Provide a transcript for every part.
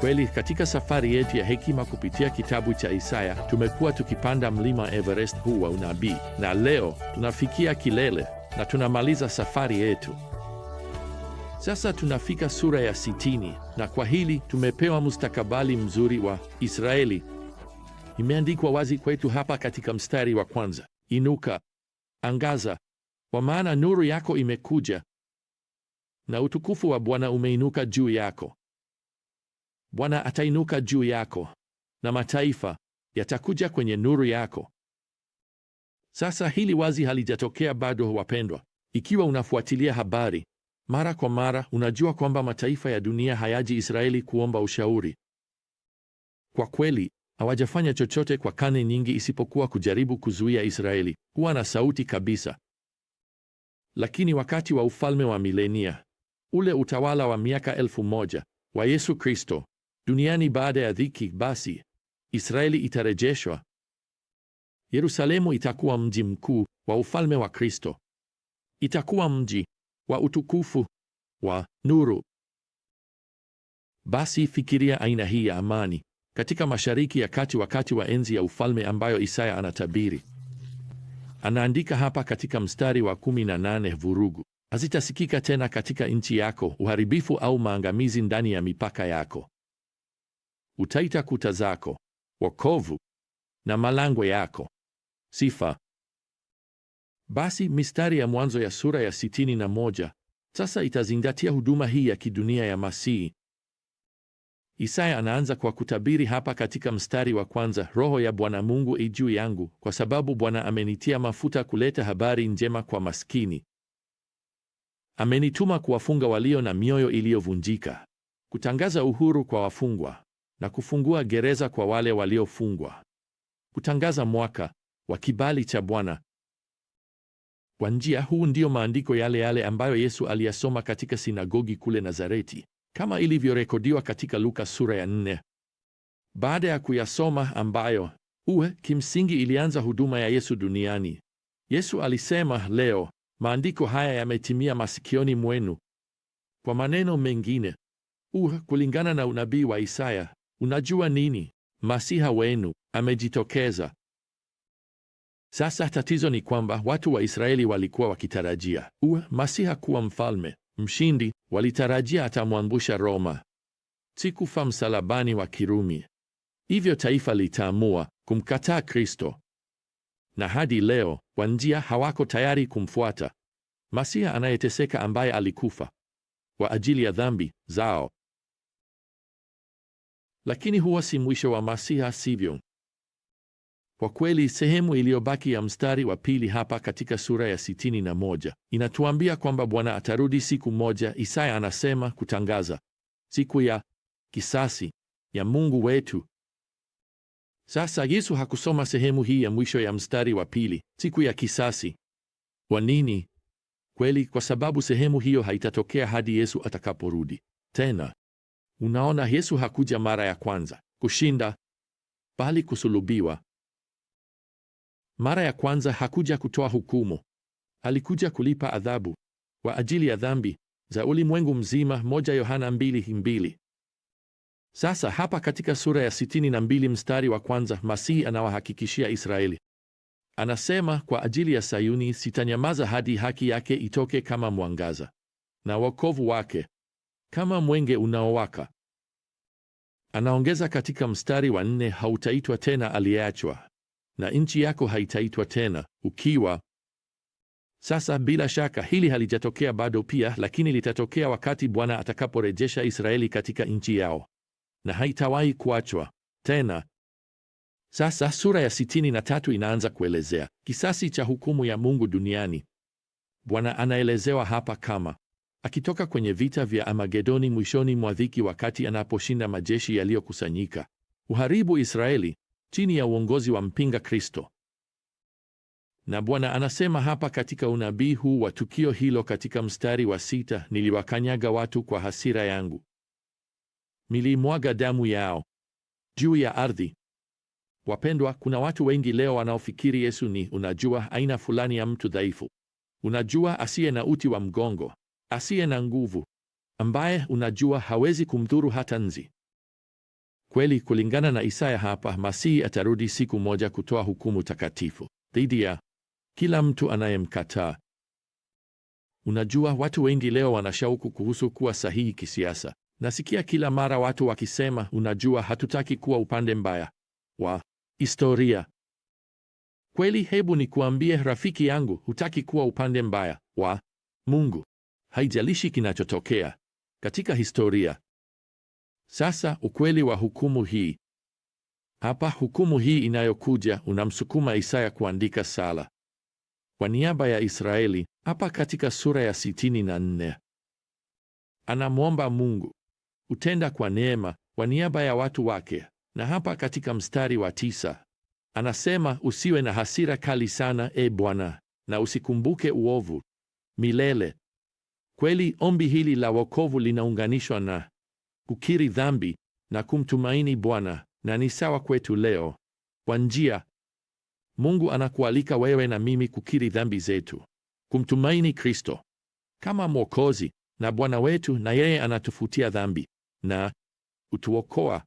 Kweli katika safari yetu ya hekima kupitia kitabu cha Isaya tumekuwa tukipanda mlima Everest huu wa unabii, na leo tunafikia kilele na tunamaliza safari yetu. Sasa tunafika sura ya sitini, na kwa hili tumepewa mustakabali mzuri wa Israeli. Imeandikwa wazi kwetu hapa katika mstari wa kwanza: Inuka, angaza, kwa maana nuru yako imekuja na utukufu wa Bwana umeinuka juu yako. Bwana atainuka juu yako na mataifa yatakuja kwenye nuru yako. Sasa hili wazi halijatokea bado, wapendwa. Ikiwa unafuatilia habari mara kwa mara, unajua kwamba mataifa ya dunia hayaji Israeli kuomba ushauri. Kwa kweli hawajafanya chochote kwa karne nyingi isipokuwa kujaribu kuzuia Israeli kuwa na sauti kabisa. Lakini wakati wa ufalme wa milenia, ule utawala wa miaka elfu moja wa Yesu Kristo, Duniani baada ya dhiki, basi Israeli itarejeshwa. Yerusalemu itakuwa mji mkuu wa ufalme wa Kristo. Itakuwa mji wa utukufu, wa nuru. Basi fikiria aina hii ya amani katika Mashariki ya Kati wakati wa enzi ya ufalme ambayo Isaya anatabiri. Anaandika hapa katika mstari wa 18, vurugu hazitasikika tena katika nchi yako, uharibifu au maangamizi ndani ya mipaka yako. Utaita kuta zako wokovu na malango yako sifa. Basi mistari ya mwanzo ya sura ya sitini na moja sasa itazingatia huduma hii ya kidunia ya Masihi. Isaya anaanza kwa kutabiri hapa katika mstari wa kwanza, roho ya Bwana Mungu i juu yangu, kwa sababu Bwana amenitia mafuta kuleta habari njema kwa maskini. Amenituma kuwafunga walio na mioyo iliyovunjika, kutangaza uhuru kwa wafungwa na kufungua gereza kwa wale waliofungwa, kutangaza mwaka wa kibali cha Bwana. Kwa njia, huu ndiyo maandiko yale yale ambayo Yesu aliyasoma katika sinagogi kule Nazareti, kama ilivyorekodiwa katika Luka sura ya nne. Baada ya kuyasoma ambayo uwe kimsingi ilianza huduma ya Yesu duniani, Yesu alisema, leo maandiko haya yametimia masikioni mwenu. Kwa maneno mengine, uwe kulingana na unabii wa Isaya, Unajua nini? Masiha wenu amejitokeza. Sasa tatizo ni kwamba watu wa Israeli walikuwa wakitarajia u Masiha kuwa mfalme mshindi. Walitarajia atamwangusha Roma, si kufa msalabani wa Kirumi. Hivyo taifa litaamua kumkataa Kristo, na hadi leo kwa njia hawako tayari kumfuata Masiha anayeteseka ambaye alikufa kwa ajili ya dhambi zao. Lakini huwa si mwisho wa Masiha, sivyo? Kwa kweli sehemu iliyobaki ya mstari wa pili hapa katika sura ya sitini na moja inatuambia kwamba Bwana atarudi siku moja. Isaya anasema kutangaza siku ya kisasi ya Mungu wetu. Sasa Yesu hakusoma sehemu hii ya mwisho ya mstari wa pili, siku ya kisasi. Kwa nini? Kweli, kwa sababu sehemu hiyo haitatokea hadi Yesu atakaporudi tena. Unaona, Yesu hakuja mara ya kwanza kushinda, bali kusulubiwa. Mara ya kwanza hakuja kutoa hukumu, alikuja kulipa adhabu kwa ajili ya dhambi za ulimwengu mzima, moja Yohana mbili mbili. Sasa hapa katika sura ya sitini na mbili mstari wa kwanza Masihi anawahakikishia Israeli, anasema kwa ajili ya Sayuni, sitanyamaza hadi haki yake itoke kama mwangaza na wokovu wake kama mwenge unaowaka. Anaongeza katika mstari wa nne, hautaitwa tena aliyeachwa, na nchi yako haitaitwa tena ukiwa. Sasa bila shaka hili halijatokea bado pia, lakini litatokea wakati Bwana atakaporejesha Israeli katika nchi yao, na haitawahi kuachwa tena. Sasa sura ya sitini na tatu inaanza kuelezea kisasi cha hukumu ya Mungu duniani. Bwana anaelezewa hapa kama akitoka kwenye vita vya Amagedoni mwishoni mwa dhiki, wakati anaposhinda majeshi yaliyokusanyika uharibu Israeli chini ya uongozi wa mpinga Kristo. Na Bwana anasema hapa katika unabii huu wa tukio hilo katika mstari wa sita, niliwakanyaga watu kwa hasira yangu, nilimwaga damu yao juu ya ardhi. Wapendwa, kuna watu wengi leo wanaofikiri Yesu ni, unajua, aina fulani ya mtu dhaifu, unajua, asiye na uti wa mgongo, asiye na nguvu ambaye unajua hawezi kumdhuru hata nzi. Kweli, kulingana na Isaya hapa, Masihi atarudi siku moja kutoa hukumu takatifu dhidi ya kila mtu anayemkataa. Unajua, watu wengi leo wanashauku kuhusu kuwa sahihi kisiasa. Nasikia kila mara watu wakisema, unajua, hatutaki kuwa upande mbaya wa historia. Kweli, hebu nikuambie rafiki yangu, hutaki kuwa upande mbaya wa Mungu haijalishi kinachotokea katika historia. Sasa ukweli wa hukumu hii hapa, hukumu hii inayokuja unamsukuma Isaya kuandika sala kwa niaba ya Israeli. Hapa katika sura ya sitini na nne anamwomba Mungu utenda kwa neema kwa niaba ya watu wake, na hapa katika mstari wa tisa anasema usiwe na hasira kali sana, e Bwana, na usikumbuke uovu milele. Kweli ombi hili la wokovu linaunganishwa na kukiri dhambi na kumtumaini Bwana, na ni sawa kwetu leo. Kwa njia, Mungu anakualika wewe na mimi kukiri dhambi zetu, kumtumaini Kristo kama Mwokozi na Bwana wetu, na yeye anatufutia dhambi na utuokoa.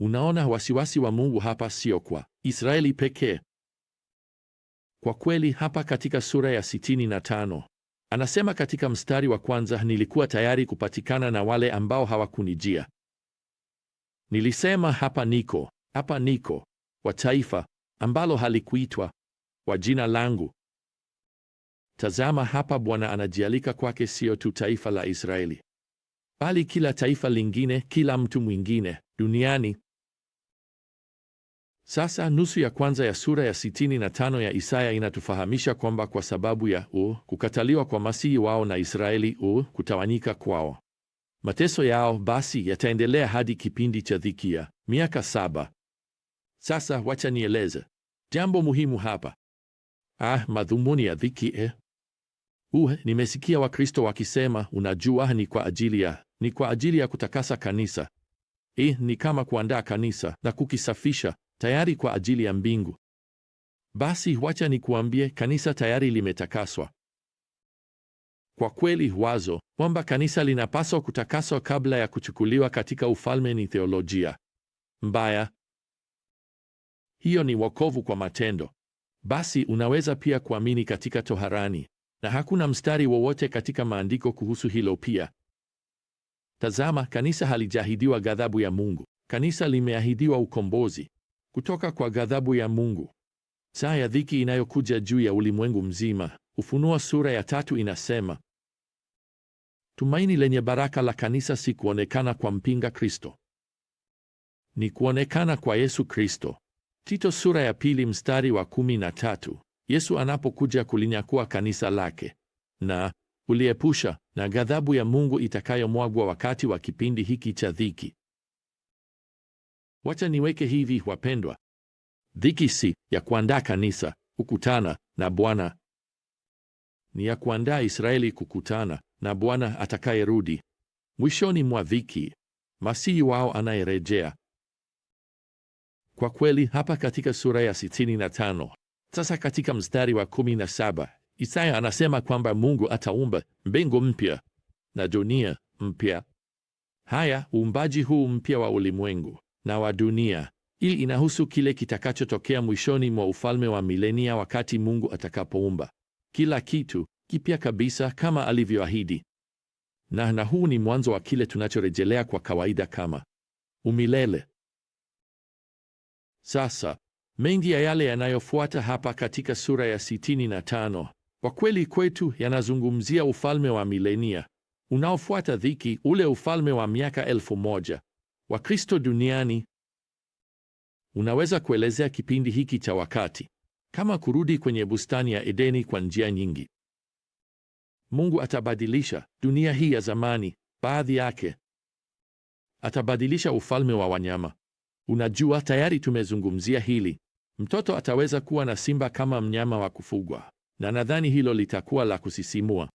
Unaona wasiwasi wa Mungu hapa sio kwa Israeli pekee. Kwa kweli hapa katika sura ya sitini na tano Anasema katika mstari wa kwanza, nilikuwa tayari kupatikana na wale ambao hawakunijia. Nilisema hapa niko, hapa niko, kwa taifa ambalo halikuitwa kwa jina langu. Tazama hapa, Bwana anajialika kwake sio tu taifa la Israeli, bali kila taifa lingine, kila mtu mwingine duniani. Sasa nusu ya kwanza ya sura ya 65 ya Isaya inatufahamisha kwamba kwa sababu ya u kukataliwa kwa masihi wao na Israeli u kutawanyika kwao, mateso yao basi yataendelea hadi kipindi cha dhiki ya miaka saba. Sasa wacha nieleze jambo muhimu hapa. Ah, madhumuni ya dhiki e eh? Uh, nimesikia Wakristo wakisema unajua, ni kwa ajili ya ni kwa ajili ya kutakasa kanisa. Eh, ni kama kuandaa kanisa na kukisafisha tayari kwa ajili ya mbingu. Basi wacha nikuambie, kanisa tayari limetakaswa. Kwa kweli, wazo kwamba kanisa linapaswa kutakaswa kabla ya kuchukuliwa katika ufalme ni theolojia mbaya. Hiyo ni wokovu kwa matendo. Basi unaweza pia kuamini katika toharani, na hakuna mstari wowote katika maandiko kuhusu hilo pia. Tazama, kanisa halijahidiwa ghadhabu ya Mungu. Kanisa limeahidiwa ukombozi kutoka kwa ghadhabu ya Mungu. Saa ya dhiki inayokuja juu ya ulimwengu mzima. Ufunuo sura ya tatu inasema, tumaini lenye baraka la kanisa si kuonekana kwa mpinga Kristo, ni kuonekana kwa Yesu Kristo. Tito sura ya pili mstari wa kumi na tatu Yesu anapokuja kulinyakua kanisa lake na uliepusha na ghadhabu ya Mungu itakayomwagwa wakati wa kipindi hiki cha dhiki. Wacha niweke hivi, wapendwa, dhiki si ya kuandaa kanisa kukutana na Bwana, ni ya kuandaa Israeli kukutana na Bwana atakayerudi. Mwishoni mwa dhiki, Masihi wao anayerejea. Kwa kweli hapa katika sura ya 65 sasa katika mstari wa 17 Isaya anasema kwamba Mungu ataumba mbingu mpya na dunia mpya. Haya, uumbaji huu mpya wa ulimwengu na wa dunia. Hii inahusu kile kitakachotokea mwishoni mwa ufalme wa milenia wakati Mungu atakapoumba kila kitu kipya kabisa kama alivyoahidi. Na na huu ni mwanzo wa kile tunachorejelea kwa kawaida kama umilele. Sasa mengi ya yale yanayofuata hapa katika sura ya 65 kwa kweli kwetu yanazungumzia ufalme wa milenia unaofuata dhiki, ule ufalme wa miaka elfu moja Wakristo duniani. Unaweza kuelezea kipindi hiki cha wakati kama kurudi kwenye bustani ya Edeni kwa njia nyingi. Mungu atabadilisha dunia hii ya zamani, baadhi yake. Atabadilisha ufalme wa wanyama. Unajua, tayari tumezungumzia hili. Mtoto ataweza kuwa na simba kama mnyama wa kufugwa, na nadhani hilo litakuwa la kusisimua.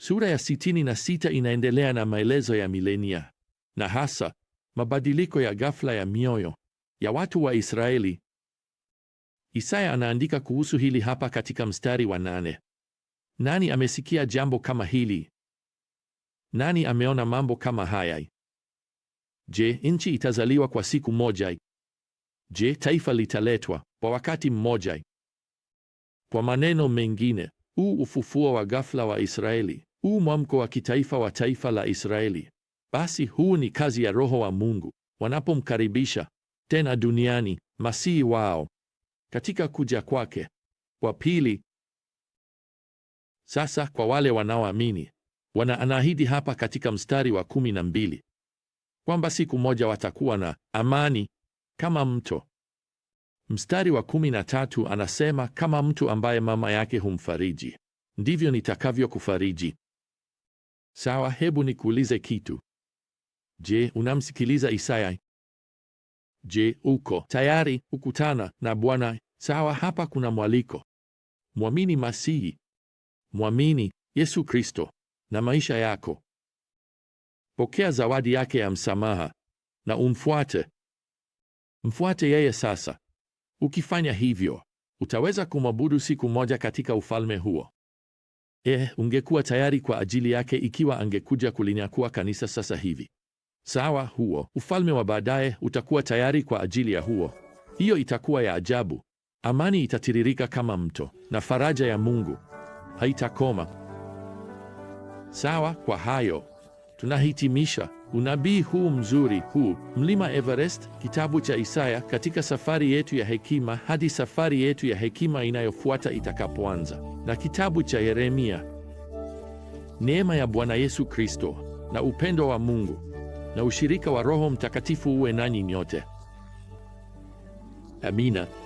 Sura ya sitini na sita inaendelea na maelezo ya milenia na hasa Mabadiliko ya ghafla ya mioyo ya watu wa Israeli. Isaya anaandika kuhusu hili hapa katika mstari wa nane. Nani amesikia jambo kama hili? Nani ameona mambo kama haya? Je, nchi itazaliwa kwa siku moja? Je, taifa litaletwa kwa wakati mmoja? Kwa maneno mengine, huu ufufuo wa ghafla wa Israeli, huu mwamko wa kitaifa wa taifa la Israeli basi huu ni kazi ya Roho wa Mungu wanapomkaribisha tena duniani Masihi wao katika kuja kwake kwa pili. Sasa kwa wale wanaoamini, wana anaahidi hapa katika mstari wa kumi na mbili kwamba siku moja watakuwa na amani kama mto. Mstari wa kumi na tatu anasema, kama mtu ambaye mama yake humfariji ndivyo nitakavyokufariji. Sawa, hebu nikuulize kitu. Je, unamsikiliza Isaya? Je, uko tayari kukutana na Bwana? Sawa, hapa kuna mwaliko: mwamini Masihi, mwamini Yesu Kristo na maisha yako, pokea zawadi yake ya msamaha na umfuate. Mfuate yeye sasa. Ukifanya hivyo, utaweza kumwabudu siku moja katika ufalme huo. Eh, ungekuwa tayari kwa ajili yake ikiwa angekuja kulinyakua kanisa sasa hivi? Sawa, huo ufalme wa baadaye utakuwa tayari kwa ajili ya huo. Hiyo itakuwa ya ajabu. Amani itatiririka kama mto na faraja ya Mungu haitakoma. Sawa, kwa hayo tunahitimisha unabii huu mzuri huu mlima Everest, kitabu cha Isaya, katika safari yetu ya hekima hadi safari yetu ya hekima inayofuata itakapoanza na kitabu cha Yeremia. Neema ya Bwana Yesu Kristo na upendo wa Mungu na ushirika wa Roho Mtakatifu uwe nanyi nyote. Amina.